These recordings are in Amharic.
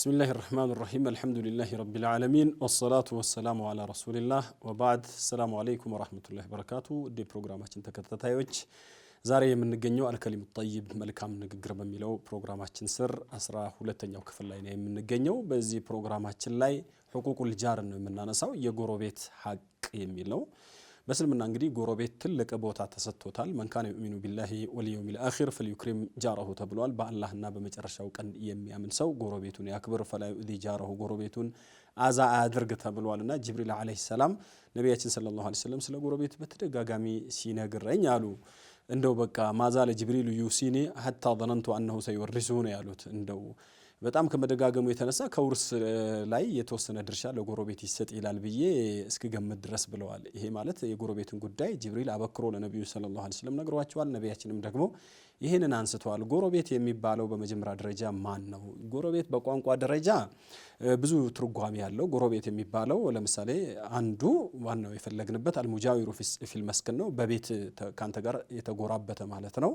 ብስሚላህ ራህማን ራሂም አልሐምዱሊላህ ረቢል ዓለሚን ወሰላቱ ወሰላሙ አላ ረሱሊላህ ወባዕድ። አሰላሙ አለይኩም ወራህመቱላሂ በረካቱ። ውድ የፕሮግራማችን ተከታታዮች ዛሬ የምንገኘው አልከሊሙ ጠይብ መልካም ንግግር በሚለው ፕሮግራማችን ስር አስራ ሁለተኛው ክፍል ላይ ነው የምንገኘው። በዚህ ፕሮግራማችን ላይ ሕቁቁል ጃር ነው የምናነሳው የጎረቤት ሀቅ የሚል ነው። በእስልምና እንግዲህ ጎረቤት ትልቅ ቦታ ተሰጥቶታል። መንካን ዩሚኑ ቢላሂ ወልየውሚል አኺር ፈልዩክሪም ጃረሁ ተብሏል። በአላህና በመጨረሻው ቀን የሚያምን ሰው ጎረቤቱን ያክብር፣ ፈላዩዲ ጃረሁ ጎረቤቱን አዛ አያድርግ ተብሏል። እና ጅብሪል ዓለይሂ ሰላም ነቢያችን ሰለላሁ ዓለይሂ ወሰለም ስለ ጎረቤት በተደጋጋሚ ሲነግረኝ አሉ እንደው በቃ ማዛለ ጅብሪል ዩሲኒ ሀታ ظነንቱ አነሁ ሰይወርሱሁ ነው ያሉት እንደው በጣም ከመደጋገሙ የተነሳ ከውርስ ላይ የተወሰነ ድርሻ ለጎረቤት ይሰጥ ይላል ብዬ እስክገምት ድረስ ብለዋል። ይሄ ማለት የጎረቤትን ጉዳይ ጅብሪል አበክሮ ለነቢዩ ሰለላሁ ዐለይሂ ወሰለም ነግሯቸዋል። ነቢያችንም ደግሞ ይህንን አንስተዋል። ጎረቤት የሚባለው በመጀመሪያ ደረጃ ማን ነው? ጎረቤት በቋንቋ ደረጃ ብዙ ትርጓሜ ያለው ጎረቤት የሚባለው ለምሳሌ አንዱ ዋናው የፈለግንበት አልሙጃዊሩ ፊል መስክን ነው። በቤት ከአንተ ጋር የተጎራበተ ማለት ነው።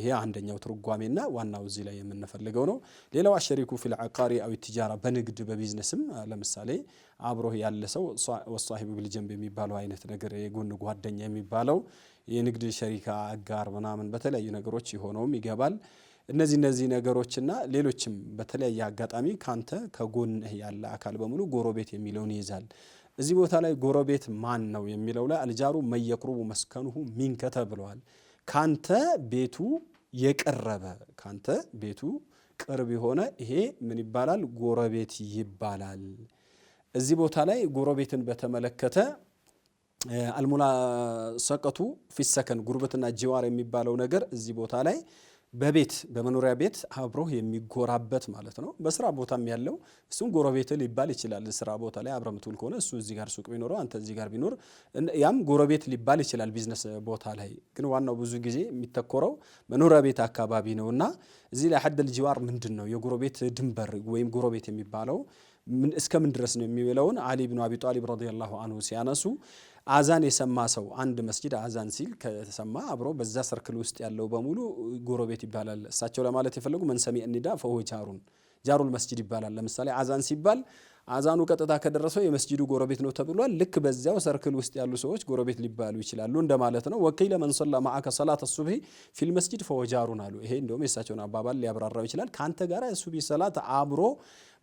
ይሄ አንደኛው ትርጓሜና ዋናው እዚህ ላይ የምንፈልገው ነው። ሌላው አሸሪኩ ፊል አቃሪ አዊ ትጃራ በንግድ በቢዝነስም ለምሳሌ አብሮህ ያለ ሰው ወሳሂቡ ቢልጀንብ የሚባለው አይነት ነገር የጎን ጓደኛ የሚባለው የንግድ ሸሪካ አጋር ምናምን በተለያዩ ነገሮች የሆነውም ይገባል። እነዚህ እነዚህ ነገሮችና ሌሎችም በተለያየ አጋጣሚ ካንተ ከጎንህ ያለ አካል በሙሉ ጎረቤት የሚለውን ይይዛል። እዚህ ቦታ ላይ ጎረቤት ማን ነው የሚለው ላይ አልጃሩ መየቅሩቡ መስከኑሁ ሚንከተ ብለዋል። ካንተ ቤቱ የቀረበ ካንተ ቤቱ ቅርብ የሆነ ይሄ ምን ይባላል? ጎረቤት ይባላል። እዚህ ቦታ ላይ ጎረቤትን በተመለከተ አልሙላ ሰቀቱ ፊሰከን ጉርበትና ጅዋር የሚባለው ነገር እዚህ ቦታ ላይ በቤት በመኖሪያ ቤት አብሮ የሚጎራበት ማለት ነው። በስራ ቦታም ያለው እሱም ጎረቤት ሊባል ይችላል። ስራ ቦታ ላይ አብረ የምትውል ከሆነ እሱ እዚህ ጋር ሱቅ ቢኖረው አንተ እዚህ ጋር ቢኖር ያም ጎረቤት ሊባል ይችላል። ቢዝነስ ቦታ ላይ ግን ዋናው ብዙ ጊዜ የሚተኮረው መኖሪያ ቤት አካባቢ ነው እና እዚህ ላይ ሀደል ጅዋር ምንድን ነው የጎረቤት ድንበር ወይም ጎረቤት የሚባለው እስከምን ድረስ ነው የሚለውን አሊ ብኑ አቢ ጣሊብ ረዲየላሁ አንሁ ሲያነሱ አዛን የሰማ ሰው አንድ መስጂድ አዛን ሲል ከተሰማ አብሮ በዛ ሰርክል ውስጥ ያለው በሙሉ ጎረቤት ይባላል። እሳቸው ለማለት የፈለጉ መንሰሚ እኒዳ ፈሆ ጃሩን ጃሩል መስጂድ ይባላል። ለምሳሌ አዛን ሲባል አዛኑ ቀጥታ ከደረሰው የመስጂዱ ጎረቤት ነው ተብሏል። ልክ በዚያው ሰርክል ውስጥ ያሉ ሰዎች ጎረቤት ሊባሉ ይችላሉ እንደማለት ነው። ወኪለ መን ሰላ ሰላት ሱብሂ ፊል መስጂድ ፈወጃሩን አሉ። ይሄ እንደውም የእሳቸውን አባባል ሊያብራራው ይችላል። ከአንተ ጋር ሱብሂ ሰላት አብሮ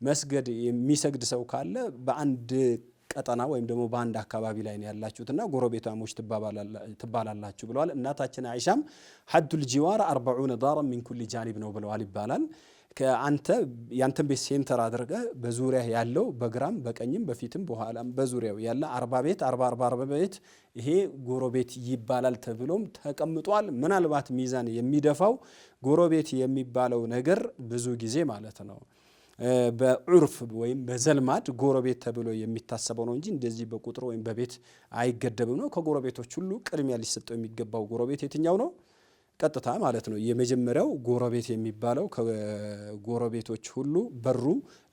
መስገድ የሚሰግድ ሰው ካለ በአንድ ቀጠና ወይም ደግሞ በአንድ አካባቢ ላይ ነው ያላችሁትና ጎረቤታሞች ትባላላችሁ ብለዋል። እናታችን አይሻም ሐዱል ጂዋር አርበዑነ ዳራ ሚን ጃኒብ ነው ብለዋል ይባላል። ከአንተ ያንተን ቤት ሴንተር አድርገ በዙሪያ ያለው በግራም በቀኝም በፊትም በኋላም በዙሪያው ያለ አርባ ቤት አርባ አርባ አርባ ቤት ይሄ ጎረቤት ይባላል ተብሎም ተቀምጧል። ምናልባት ሚዛን የሚደፋው ጎረቤት የሚባለው ነገር ብዙ ጊዜ ማለት ነው በዑርፍ ወይም በዘልማድ ጎረቤት ተብሎ የሚታሰበው ነው እንጂ እንደዚህ በቁጥር ወይም በቤት አይገደብም ነው። ከጎረቤቶች ሁሉ ቅድሚያ ሊሰጠው የሚገባው ጎረቤት የትኛው ነው? ቀጥታ ማለት ነው የመጀመሪያው ጎረቤት የሚባለው ከጎረቤቶች ሁሉ በሩ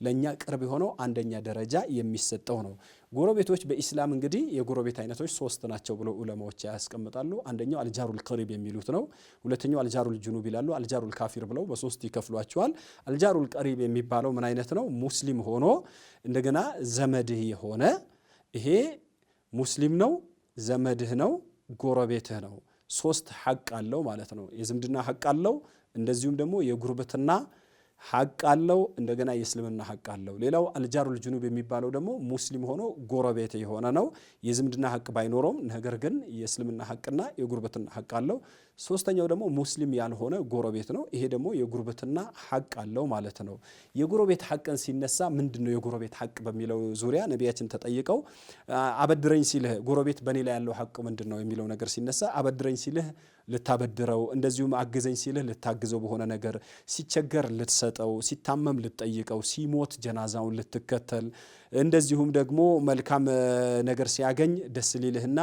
ለእኛ ቅርብ የሆነው አንደኛ ደረጃ የሚሰጠው ነው። ጎረቤቶች በኢስላም እንግዲህ የጎረቤት አይነቶች ሶስት ናቸው ብለው ዑለማዎች ያስቀምጣሉ። አንደኛው አልጃሩል ቀሪብ የሚሉት ነው። ሁለተኛው አልጃሩል ጅኑብ ይላሉ። አልጃሩል ካፊር ብለው በሶስት ይከፍሏቸዋል። አልጃሩል ቀሪብ የሚባለው ምን አይነት ነው? ሙስሊም ሆኖ እንደገና ዘመድህ የሆነ ይሄ ሙስሊም ነው፣ ዘመድህ ነው፣ ጎረቤትህ ነው። ሶስት ሐቅ አለው ማለት ነው። የዝምድና ሐቅ አለው፣ እንደዚሁም ደግሞ የጉርብትና ሀቅ አለው። እንደገና የእስልምና ሀቅ አለው። ሌላው አልጃሩል ጅኑብ የሚባለው ደግሞ ሙስሊም ሆኖ ጎረቤት የሆነ ነው። የዝምድና ሀቅ ባይኖረውም ነገር ግን የእስልምና ሀቅና የጉርበትና ሀቅ አለው። ሶስተኛው ደግሞ ሙስሊም ያልሆነ ጎረቤት ነው። ይሄ ደግሞ የጉርብትና ሀቅ አለው ማለት ነው። የጎረቤት ሀቅን ሲነሳ ምንድን ነው የጎረቤት ሀቅ በሚለው ዙሪያ ነቢያችን ተጠይቀው አበድረኝ ሲልህ ጎረቤት በእኔ ላይ ያለው ሀቅ ምንድን ነው የሚለው ነገር ሲነሳ አበድረኝ ሲልህ ልታበድረው፣ እንደዚሁም አግዘኝ ሲልህ ልታግዘው፣ በሆነ ነገር ሲቸገር ልትሰጠው፣ ሲታመም ልትጠይቀው፣ ሲሞት ጀናዛውን ልትከተል እንደዚሁም ደግሞ መልካም ነገር ሲያገኝ ደስ ሊልህና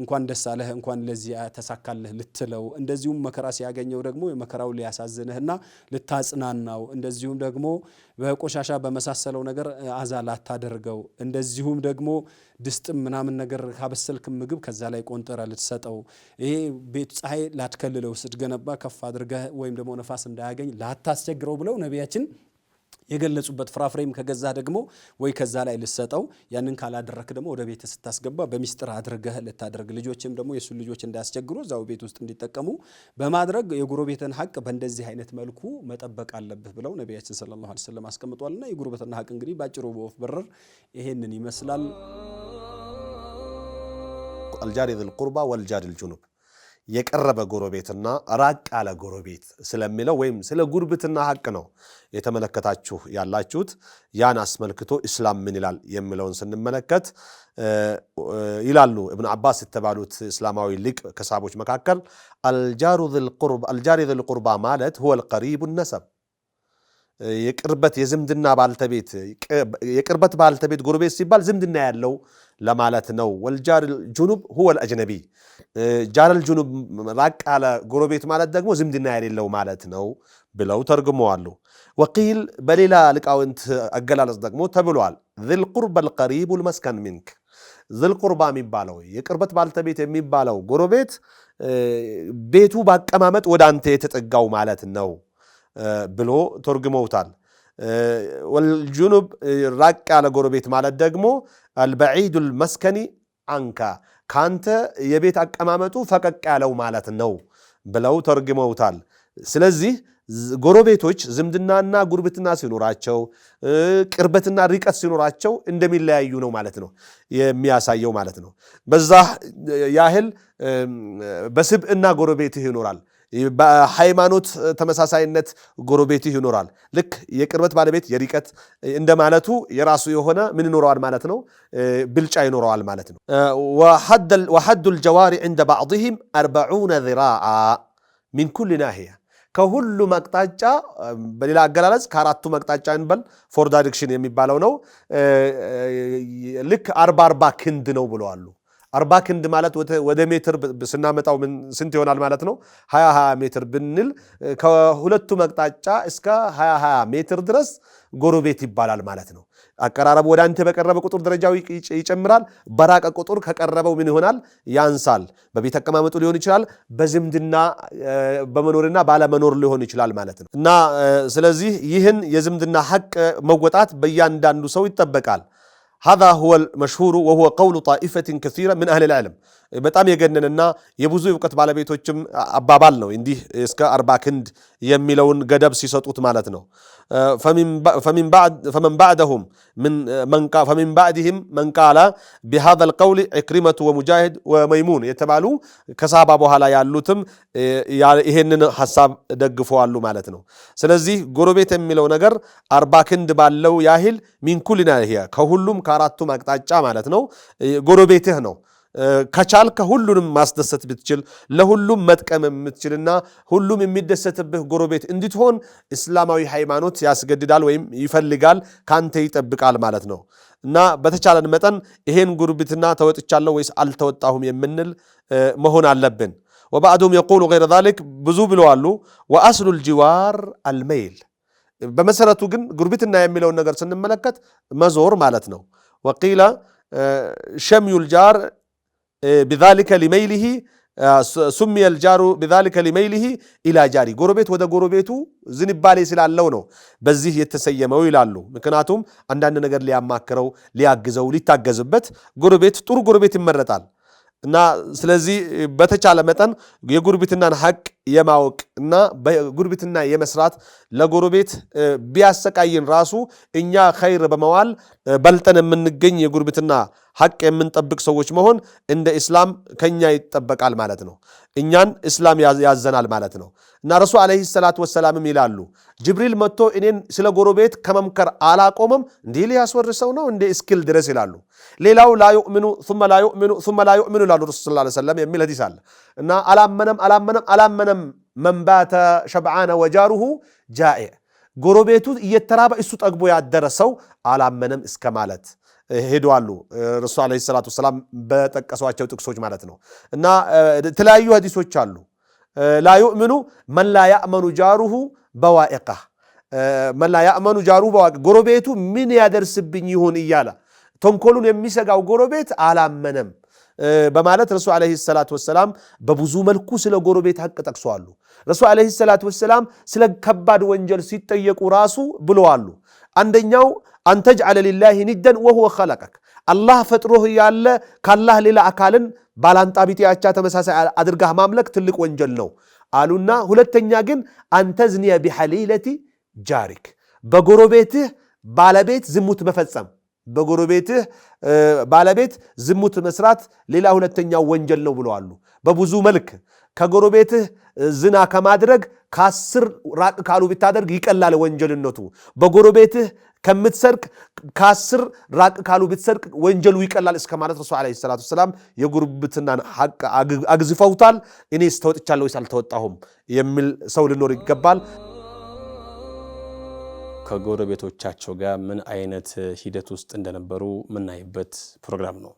እንኳን ደስ አለህ እንኳን ለዚህ ተሳካልህ ልትለው፣ እንደዚሁም መከራ ሲያገኘው ደግሞ የመከራው ሊያሳዝንህና ልታጽናናው፣ እንደዚሁም ደግሞ በቆሻሻ በመሳሰለው ነገር አዛ ላታደርገው፣ እንደዚሁም ደግሞ ድስጥም ምናምን ነገር ካበሰልክም ምግብ ከዛ ላይ ቆንጠረ ልትሰጠው፣ ይሄ ቤት ፀሐይ ላትከልለው ስትገነባ ከፍ አድርገህ ወይም ደግሞ ነፋስ እንዳያገኝ ላታስቸግረው ብለው ነቢያችን የገለጹበት ፍራፍሬም ከገዛ ደግሞ ወይ ከዛ ላይ ልሰጠው፣ ያንን ካላደረክ ደግሞ ወደ ቤት ስታስገባ በሚስጥር አድርገህ ልታደርግ፣ ልጆችም ደግሞ የእሱን ልጆች እንዳያስቸግሩ እዛው ቤት ውስጥ እንዲጠቀሙ በማድረግ የጎረቤትን ሀቅ በእንደዚህ አይነት መልኩ መጠበቅ አለብህ ብለው ነቢያችን ሰለላሁ ዐለይሂ ወሰለም አስቀምጧልና የጎረቤትን ሀቅ እንግዲህ ባጭሩ በወፍ በረር ይሄንን ይመስላል። አልጃሪ ዙል ወልጃሪ ልጁኑብ የቀረበ ጎረቤትና ራቅ ያለ ጎረቤት ስለሚለው ወይም ስለ ጉርብትና ሐቅ ነው የተመለከታችሁ ያላችሁት። ያን አስመልክቶ ኢስላም ምን ይላል የሚለውን ስንመለከት ይላሉ እብን አባስ የተባሉት እስላማዊ ሊቅ ከሳቦች መካከል አልጃሪ ذል ቁርባ ማለት ሁወል ቀሪቡ ነሰብ የቅርበት የዝምድና ባልተቤት የቅርበት ባልተቤት ጎረቤት ሲባል ዝምድና ያለው ለማለት ነው። ወልጃርል ጁኑብ ሁወል አጅነቢ ጃረል ጁኑብ ራቅ ያለ ጎረቤት ማለት ደግሞ ዝምድና የሌለው ማለት ነው ብለው ተርጉመዋሉ። ወቂል በሌላ ልቃውንት አገላለጽ ደግሞ ተብሏል። ዝልቁርባ ልቀሪቡ ልመስከን ሚንክ ዝልቁርባ የሚባለው የቅርበት ባልተቤት የሚባለው ጎረቤት ቤቱ በአቀማመጥ ወደ አንተ የተጠጋው ማለት ነው። ብሎ ተርጉመውታል። ወልጁኑብ ራቅ ያለ ጎረቤት ማለት ደግሞ አልበዒዱል መስከኒ አንካ ካንተ የቤት አቀማመጡ ፈቀቅ ያለው ማለት ነው ብለው ተርግመውታል። ስለዚህ ጎረቤቶች ዝምድናና ጉርብትና ሲኖራቸው ቅርበትና ርቀት ሲኖራቸው እንደሚለያዩ ነው ማለት ነው የሚያሳየው ማለት ነው። በዛ ያህል በስብዕና ጎረቤትህ ይኖራል። በሃይማኖት ተመሳሳይነት ጎረቤትህ ይኖራል። ልክ የቅርበት ባለቤት የርቀት እንደማለቱ የራሱ የሆነ ምን ይኖረዋል ማለት ነው፣ ብልጫ ይኖረዋል ማለት ነው። ወሐዱ ልጀዋሪ ዕንደ ባዕድህም አርበዑነ ዚራአ ሚን ኩል ናህያ ከሁሉም አቅጣጫ በሌላ አገላለጽ ከአራቱ አቅጣጫ እንበል ፎር ዳይሬክሽን የሚባለው ነው። ልክ አርባ አርባ ክንድ ነው ብለዋሉ። አርባ ክንድ ማለት ወደ ሜትር ስናመጣው ስንት ይሆናል ማለት ነው? ሀያ ሀያ ሜትር ብንል ከሁለቱ መቅጣጫ እስከ ሀያ ሀያ ሜትር ድረስ ጎረቤት ይባላል ማለት ነው። አቀራረቡ ወደ አንተ በቀረበ ቁጥር ደረጃው ይጨምራል፣ በራቀ ቁጥር ከቀረበው ምን ይሆናል? ያንሳል። በቤት አቀማመጡ ሊሆን ይችላል፣ በዝምድና በመኖርና ባለመኖር ሊሆን ይችላል ማለት ነው። እና ስለዚህ ይህን የዝምድና ሀቅ መወጣት በእያንዳንዱ ሰው ይጠበቃል። هذا هو المشهور وهو قول طائفة كثيرة من أهل العلم በጣም የገነንና የብዙ እውቀት ባለቤቶችም አባባል ነው። እንዲህ እስከ አርባ ክንድ የሚለውን ገደብ ሲሰጡት ማለት ነው። ፈመን ባዕደሁም ፈሚን ባዕድህም መን ቃለ ቢሃዛ ልቀውል ዕክሪመቱ ወሙጃሂድ ወመይሙን የተባሉ ከሳባ በኋላ ያሉትም ይሄንን ሀሳብ ደግፈዋሉ ማለት ነው። ስለዚህ ጎረቤት የሚለው ነገር አርባ ክንድ ባለው ያህል ሚንኩልና ይሄ ከሁሉም ከአራቱም አቅጣጫ ማለት ነው። ጎረቤትህ ነው ከቻል ከሁሉንም ማስደሰት ብትችል ለሁሉም መጥቀም የምትችልና ሁሉም የሚደሰትብህ ጎረቤት እንድትሆን እስላማዊ ሃይማኖት ያስገድዳል ወይም ይፈልጋል፣ ካንተ ይጠብቃል ማለት ነው። እና በተቻለን መጠን ይሄን ጉርብትና ተወጥቻለሁ ወይስ አልተወጣሁም የምንል መሆን አለብን። ወባዕዱም የቁሉ ገይረ ዛሊክ ብዙ ብለዋሉ። ወአስሉል ልጅዋር አልመይል በመሰረቱ ግን ጉርብትና የሚለውን ነገር ስንመለከት መዞር ማለት ነው። ወቂለ ሸምዩ ልጃር ቢዛሊከ ሊመይሊሂ ሱሚየ ልጃሩ ቢዛሊከ ሊመይሊሂ ኢላ ጃሪ ጎረቤት ወደ ጎረቤቱ ዝንባሌ ስላለው ነው በዚህ የተሰየመው ይላሉ። ምክንያቱም አንዳንድ ነገር ሊያማክረው፣ ሊያግዘው፣ ሊታገዝበት ጎረቤት ጥሩ ጎረቤት ይመረጣል እና ስለዚህ በተቻለ መጠን የጉርብትናን ሐቅ የማወቅ እና በጉርብትና የመስራት ለጎረቤት ቢያሰቃይን ራሱ እኛ ኸይር በመዋል በልጠን የምንገኝ የጉርብትና ሐቅ የምንጠብቅ ሰዎች መሆን እንደ እስላም ከኛ ይጠበቃል ማለት ነው። እኛን እስላም ያዘናል ማለት ነው እና ረሱል ዓለይሂ ሰላቱ ወሰላምም ይላሉ ጅብሪል መጥቶ እኔን ስለ ጎረቤት ከመምከር አላቆመም እንዲህ ሊያስወርሰው ነው እንደ እስኪል ድረስ ይላሉ። ሌላው ላ ዩእምኑ ሱመ ላ ዩእምኑ ሱመ ላ ዩእምኑ ይላሉ ረሱል ሰለላሁ ዓለይሂ ወሰለም የሚል ሐዲስ አለ እና አላመነም አላመነም አላመነም መንባተ ሸብዓነ ወጃሩሁ ጃኢዕ ጎረቤቱ እየተራበ እሱ ጠግቦ ያደረ ሰው አላመነም እስከ ማለት ሄደዋሉ። ረሱ ለ ሰላቱ ሰላም በጠቀሷቸው ጥቅሶች ማለት ነው። እና የተለያዩ ሀዲሶች አሉ። ላ ዩእምኑ መን ላ ያእመኑ ጃሩሁ በዋኢቃ ያእመኑ ጎረቤቱ ምን ያደርስብኝ ይሆን እያለ ተንኮሉን የሚሰጋው ጎረቤት አላመነም። በማለት ረሱ ዓለይሂ ሰላት ወሰላም በብዙ መልኩ ስለ ጎረቤት ሐቅ ጠቅሰዋሉ። ረሱ ዓለይሂ ሰላት ወሰላም ስለ ከባድ ወንጀል ሲጠየቁ ራሱ ብለዋሉ። አንደኛው አንተጅዓለ ሊላሂ ኒደን ወሁወ ኸለቀክ፣ አላህ ፈጥሮህ ያለ ካላህ ሌላ አካልን ባላንጣ ቢጤ አቻ ተመሳሳይ አድርጋህ ማምለክ ትልቅ ወንጀል ነው አሉና፣ ሁለተኛ ግን አንተዝኒየ ቢሐሊለቲ ጃሪክ፣ በጎረቤትህ ባለቤት ዝሙት መፈጸም በጎረቤትህ ባለቤት ዝሙት መስራት ሌላ ሁለተኛው ወንጀል ነው ብለዋሉ። በብዙ መልክ ከጎረቤትህ ዝና ከማድረግ ከአስር ራቅ ካሉ ብታደርግ ይቀላል ወንጀልነቱ። በጎረቤትህ ከምትሰርቅ ከአስር ራቅ ካሉ ብትሰርቅ ወንጀሉ ይቀላል እስከ ማለት ረሱ ዓለይሂ ሰላቱ ወሰላም የጉርብትናን ሐቅ አግዝፈውታል። እኔስ ተወጥቻለሁ ወይስ አልተወጣሁም የሚል ሰው ልኖር ይገባል። ከጎረቤቶቻቸው ጋር ምን አይነት ሂደት ውስጥ እንደነበሩ የምናይበት ፕሮግራም ነው።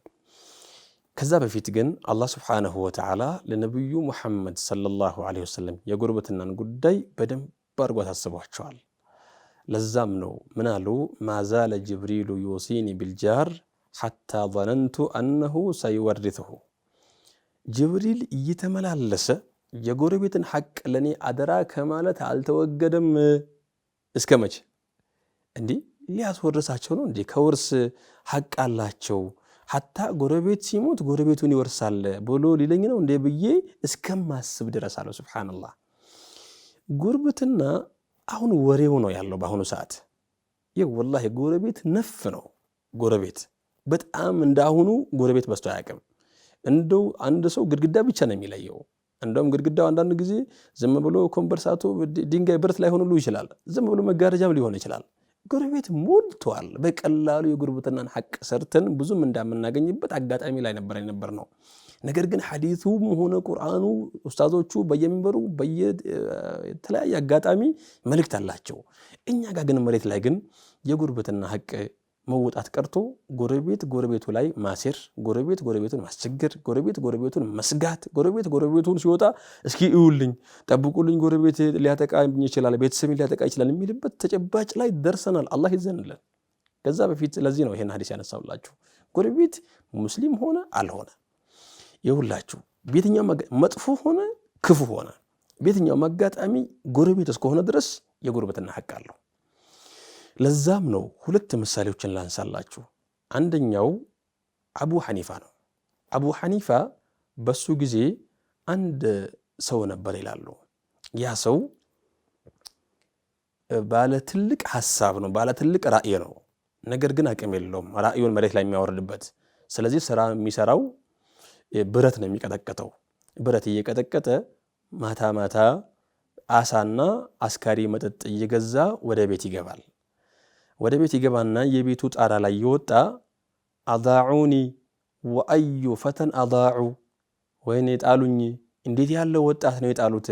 ከዛ በፊት ግን አላህ ስብሓነሁ ወተዓላ ለነቢዩ ሙሐመድ ሰለላሁ ዐለይሂ ወሰለም የጉርብትናን ጉዳይ በደንብ አድርጎ ታስቧቸዋል። ለዛም ነው ምን አሉ? ማዛለ ጅብሪሉ ዩሲኒ ቢልጃር ሐታ ظነንቱ አነሁ ሰይወርثሁ ጅብሪል እየተመላለሰ የጎረቤትን ሐቅ ለእኔ አደራ ከማለት አልተወገደም። እስከ መቼ? እንዲህ ሊያስወርሳቸው ነው እንዴ? ከውርስ ሀቅ አላቸው። ሀታ ጎረቤት ሲሞት ጎረቤቱን ይወርሳል ብሎ ሊለኝ ነው እንዴ ብዬ እስከማስብ ድረስ አለው። ሱብሓነላህ። ጉርብትና አሁን ወሬው ነው ያለው በአሁኑ ሰዓት። ይህ ወላሂ ጎረቤት ነፍ ነው። ጎረቤት በጣም እንደ አሁኑ ጎረቤት በስቶ አያውቅም። እንደው አንድ ሰው ግድግዳ ብቻ ነው የሚለየው። እንደውም ግድግዳው አንዳንድ ጊዜ ዝም ብሎ ኮንቨርሳቶ ድንጋይ ብረት ላይ ሆኖ ይችላል። ዝም ብሎ መጋረጃም ሊሆን ይችላል። ጎረቤት ሞልቷል። በቀላሉ የጉርብትናን ሐቅ ሰርተን ብዙም እንዳምናገኝበት አጋጣሚ ላይ ነበር የነበር ነው። ነገር ግን ሐዲቱም ሆነ ቁርአኑ ኡስታዞቹ በየሚንበሩ በየተለያየ አጋጣሚ መልእክት አላቸው። እኛ ጋር ግን መሬት ላይ ግን የጉርብትና ሐቅ መውጣት ቀርቶ ጎረቤት ጎረቤቱ ላይ ማሴር፣ ጎረቤት ጎረቤቱን ማስቸገር፣ ጎረቤት ጎረቤቱን መስጋት፣ ጎረቤት ጎረቤቱን ሲወጣ እስኪ እዩልኝ፣ ጠብቁልኝ፣ ጎረቤት ሊያጠቃ ይችላል፣ ቤተሰብን ሊያጠቃ ይችላል የሚልበት ተጨባጭ ላይ ደርሰናል። አላህ ይዘንልን። ከዛ በፊት ለዚህ ነው ይሄን ሀዲስ ያነሳውላችሁ። ጎረቤት ሙስሊም ሆነ አልሆነ የሁላችሁ ቤተኛው መጥፎ ሆነ ክፉ ሆነ ቤትኛው መጋጣሚ ጎረቤት እስከሆነ ድረስ የጉርብትና ሀቅ አለው። ለዛም ነው ሁለት ምሳሌዎችን ላንሳላችሁ። አንደኛው አቡ ሐኒፋ ነው። አቡ ሐኒፋ በሱ ጊዜ አንድ ሰው ነበር ይላሉ። ያ ሰው ባለ ትልቅ ሐሳብ ነው፣ ባለ ትልቅ ራእይ ነው። ነገር ግን አቅም የለውም ራእዩን መሬት ላይ የሚያወርድበት። ስለዚህ ስራ የሚሰራው ብረት ነው የሚቀጠቀጠው። ብረት እየቀጠቀጠ ማታ ማታ አሳና አስካሪ መጠጥ እየገዛ ወደ ቤት ይገባል። ወደ ቤት ይገባና የቤቱ ጣራ ላይ የወጣ አዳዑኒ ወአዩ ፈተን አዳዑ፣ ወይኔ የጣሉኝ እንዴት ያለው ወጣት ነው የጣሉት።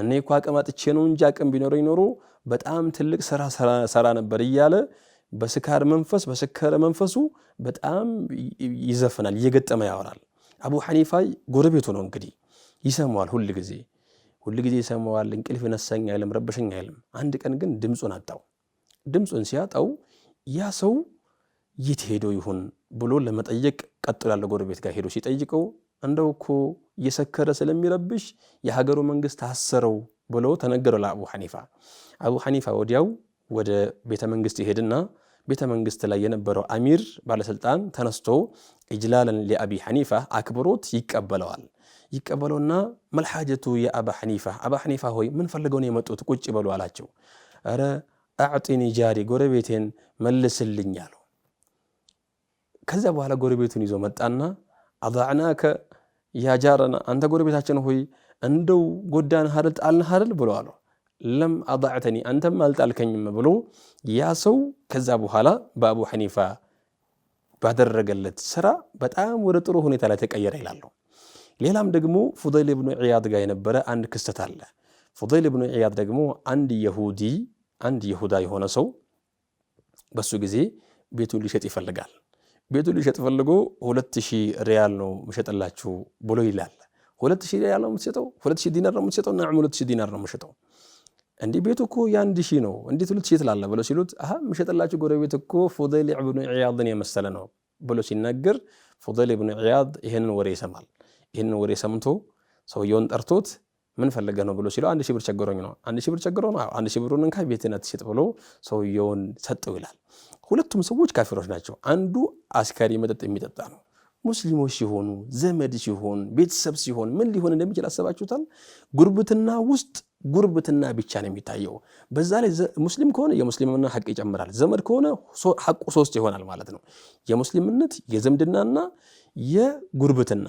እኔ እኮ አቅም አጥቼ ነው እንጂ አቅም ቢኖረኝ ኖሮ በጣም ትልቅ ስራ ሰራ ነበር እያለ በስካር መንፈስ በስከረ መንፈሱ በጣም ይዘፍናል፣ እየገጠመ ያወራል። አቡ ሐኒፋ ጎረቤቱ ነው እንግዲህ ይሰማዋል፣ ሁል ጊዜ ሁል ጊዜ ይሰማዋል። እንቅልፍ ይነሳኝ አይልም፣ ረበሸኝ አይልም። አንድ ቀን ግን ድምፁን አጣው። ድምፁን ሲያጣው ያ ሰው የት ሄዶ ይሆን ብሎ ለመጠየቅ ቀጥሎ ያለ ጎረቤት ጋር ሄዶ ሲጠይቀው እንደው እኮ እየሰከረ ስለሚረብሽ የሀገሩ መንግስት ታሰረው ብሎ ተነገረው ለአቡ ሐኒፋ። አቡ ሐኒፋ ወዲያው ወደ ቤተ መንግስት ይሄድና ቤተ መንግስት ላይ የነበረው አሚር ባለስልጣን ተነስቶ እጅላለን ሊአቢ ሐኒፋ አክብሮት ይቀበለዋል። ይቀበለውና መልሓጀቱ የአባ ሐኒፋ አባ ሐኒፋ ሆይ ምን ፈልገው ነው የመጡት? ቁጭ በሉ አላቸው። አዕጢኒ ጃሪ ጎረቤቴን መልስልኝ አለው። ከዚያ በኋላ ጎረቤቱን ይዞ መጣና አضዕናከ ያጃረና አንተ ጎረቤታችን ሆይ እንደው ጎዳን ሀደል ጣልን ሀደል ብሎ አለው። ለም አضዕተኒ አንተም አልጣልከኝም ብሎ ያ ሰው ከዛ በኋላ በአቡ ሐኒፋ ባደረገለት ስራ በጣም ወደ ጥሩ ሁኔታ ላይ ተቀየረ ይላሉ። ሌላም ደግሞ ፉደይል ብኑ ዕያድ ጋር የነበረ አንድ ክስተት አለ። ፉደይል ብኑ ዕያድ ደግሞ አንድ የሁዲ አንድ ይሁዳ የሆነ ሰው በሱ ጊዜ ቤቱን ሊሸጥ ይፈልጋል። ቤቱን ሊሸጥ ፈልጎ ሁለት ሺህ ሪያል ነው ምሸጥላችሁ ብሎ ይላል። ሁለት ሺህ ሪያል ነው የምትሸጠው? ሁለት ሺህ ዲናር ነው የምትሸጠው? ናዕም ሁለት ሺህ ዲናር ነው የምሸጠው። እንዲህ ቤቱ እኮ የአንድ ሺህ ነው እንዴት ሁለት ሺህ ትላለህ? ብሎ ሲሉት አሀ ምሸጥላችሁ ጎረቤት እኮ ፉደል ብኑ ዕያድን የመሰለ ነው ብሎ ሲናገር ፉደል ብኑ ዕያድ ይህንን ወሬ ይሰማል። ይህንን ወሬ ሰምቶ ሰውየውን ጠርቶት ምን ፈለገ ነው ብሎ ሲለው አንድ ሺህ ብር ቸግሮኝ ነው። አንድ ሺህ ብር ቸግሮ ነው። አንድ ሺህ ብሩን እንካ ቤትህን አትሽጥ ብሎ ሰውየውን ሰጠው ይላል። ሁለቱም ሰዎች ካፊሮች ናቸው። አንዱ አስካሪ መጠጥ የሚጠጣ ነው። ሙስሊሞች ሲሆኑ ዘመድ ሲሆን ቤተሰብ ሲሆን ምን ሊሆን እንደሚችል አሰባችሁታል? ጉርብትና ውስጥ ጉርብትና ብቻ ነው የሚታየው። በዛ ላይ ሙስሊም ከሆነ የሙስሊምና ሀቅ ይጨምራል። ዘመድ ከሆነ ሀቁ ሶስት ይሆናል ማለት ነው። የሙስሊምነት የዘምድናና የጉርብትና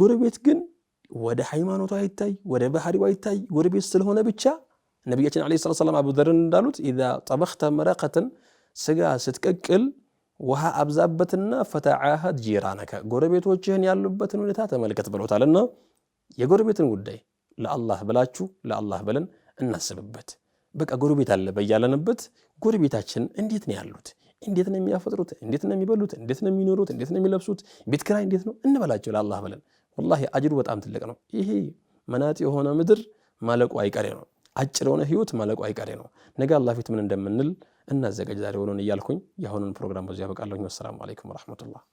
ጎረቤት ግን ወደ ሃይማኖቱ አይታይ፣ ወደ ባህሪው አይታይ፣ ወደ ቤት ስለሆነ ብቻ ነቢያችን ዓለይሂ ሰላቱ ወሰላም አቡዘርን እንዳሉት ኢዛ ጠበኽተ መረቀትን ስጋ ስትቀቅል ውሃ አብዛበትና ፈተዓሃት ጂራነከ ጎረቤቶችህን ያሉበትን ሁኔታ ተመልከት ብሎታልና የጎረቤትን ጉዳይ ለአላህ ብላችሁ ለአላህ ብለን እናስብበት። በቃ ጎረቤት አለ በያለንበት ጎረቤታችን እንዴት ነው ያሉት? እንዴት ነው የሚያፈጥሩት? እንዴት ነው የሚበሉት? እንዴት ነው የሚኖሩት? እንዴት ነው የሚለብሱት? ቤት ክራይ እንዴት ነው እንበላቸው ለአላህ ብለን ወላሂ አጅሩ በጣም ትልቅ ነው። ይሄ መናጢ የሆነ ምድር ማለቁ አይቀሬ ነው። አጭር የሆነ ህይወት ማለቁ አይቀሬ ነው። ነገ አላህ ፊት ምን እንደምንል እናዘጋጅ ዛሬ ሆኖን እያልኩኝ የአሁኑን ፕሮግራም በዚሁ ያበቃለሁኝ። ወሰላሙ አለይኩም ወረሕመቱላህ